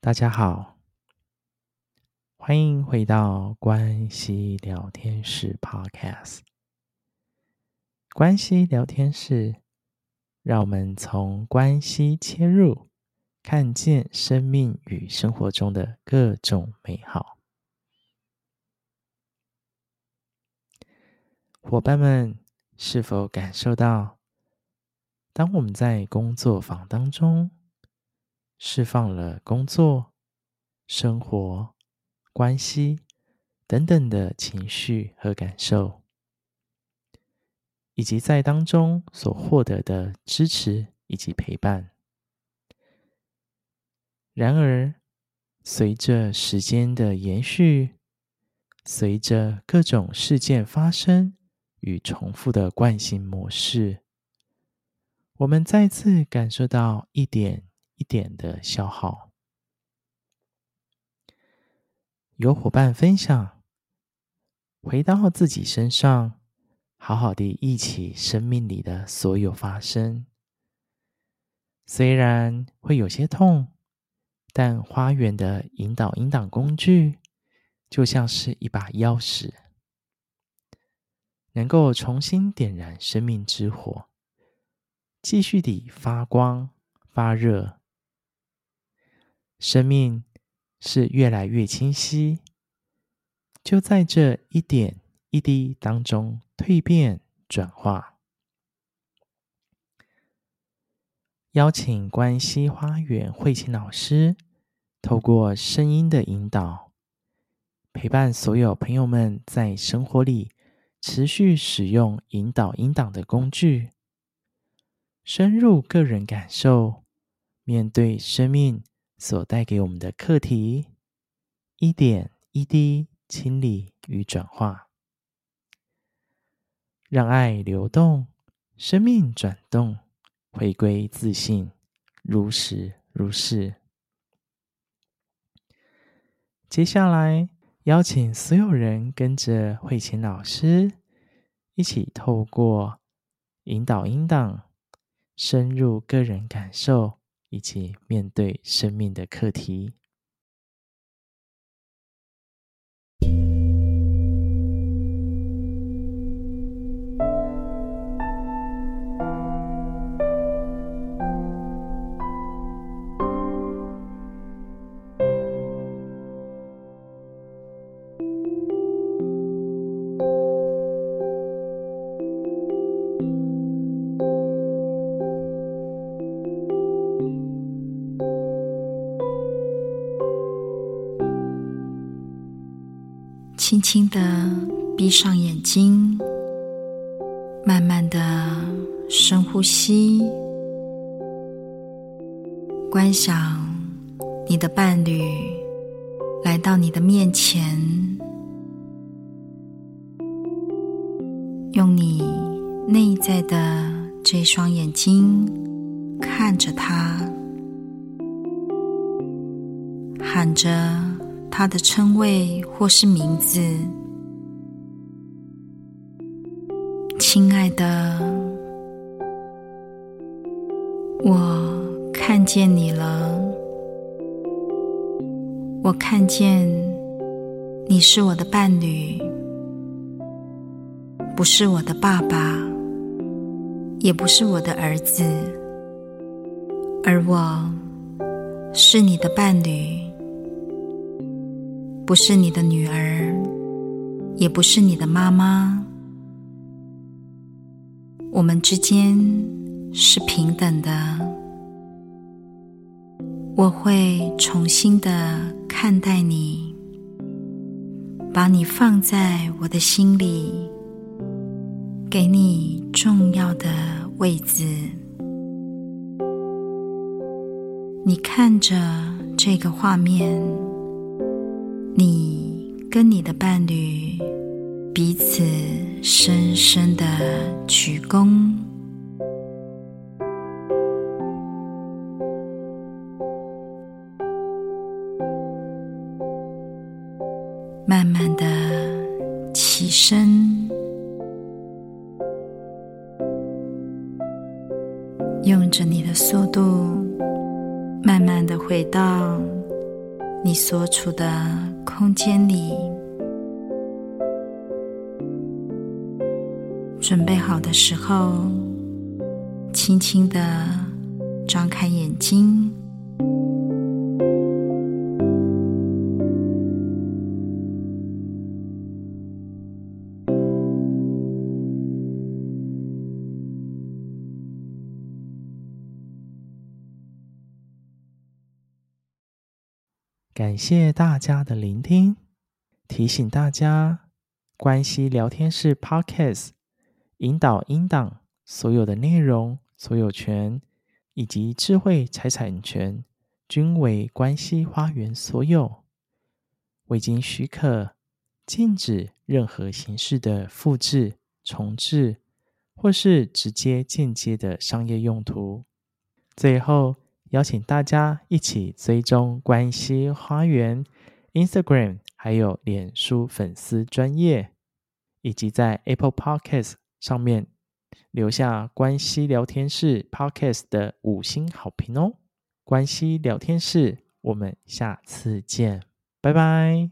大家好，歡迎回到關係聊天室 Podcast。關係聊天室，讓我們從關係切入，看見生命與生活中的各種美好。伙伴們，是否感受到，當我們在工作坊當中，釋放了工作、生活、關係等等的情緒和感受，以及在當中所獲得的支持以及陪伴。然而，隨着時間的延續，隨着各種事件發生與重複的慣性模式，我們再次感受到一點一點的消耗，有夥伴分享，回到自己身上，好好的憶起生命裡的所有發生。雖然會有些痛，但花園的引導引導工具，就像是一把鑰匙，能夠重新點燃生命之火，繼續地發光發熱。生命是越來越清晰，就在這一點一滴當中蛻變轉化。邀請關係花園慧卿老師，透過聲音的引導，陪伴所有朋友們在生活裡持續使用引導引導的工具，深入個人感受，面對生命。所帶給我們的課題，一點一滴清理與轉化，讓愛流動，生命轉動，回歸自性，如實如是。接下來，邀請所有人跟着慧卿老師一起透過引導音檔，深入個人感受。以及面對生命的課題。輕輕地閉上眼睛，慢慢的深呼吸，觀想你的伴侶來到你的面前，用你內在的這雙眼睛看着他，喊着。他的稱謂或是名字，親愛的，我看見你了。我看見你是我的伴侶，不是我的爸爸，也不是我的兒子，而我是你的伴侶。不是你的女兒，也不是你的媽媽。我們之間是平等的。我會重新的看待你，把你放在我的心裡，給你重要的位置。你看着這個畫面。跟你的伴侶彼此深深的鞠躬，慢慢的起身，用着你的速度，慢慢的回到。你所處的空間裡，準備好的時候，輕輕的張開眼睛。感謝大家的聆聽。提醒大家，關係聊天室 Podcast 引導音檔所有的內容所有權以及智慧財產權，均為關係花園所有。未經許可，禁止任何形式的複製、重製或是直接間接的商業用途。最後。邀請大家一起追蹤關係花園、Instagram，還有臉書粉絲專頁，以及在 Apple Podcasts 上面留下關係聊天室 Podcast 的五星好評哦！關係聊天室，我們下次見，拜拜。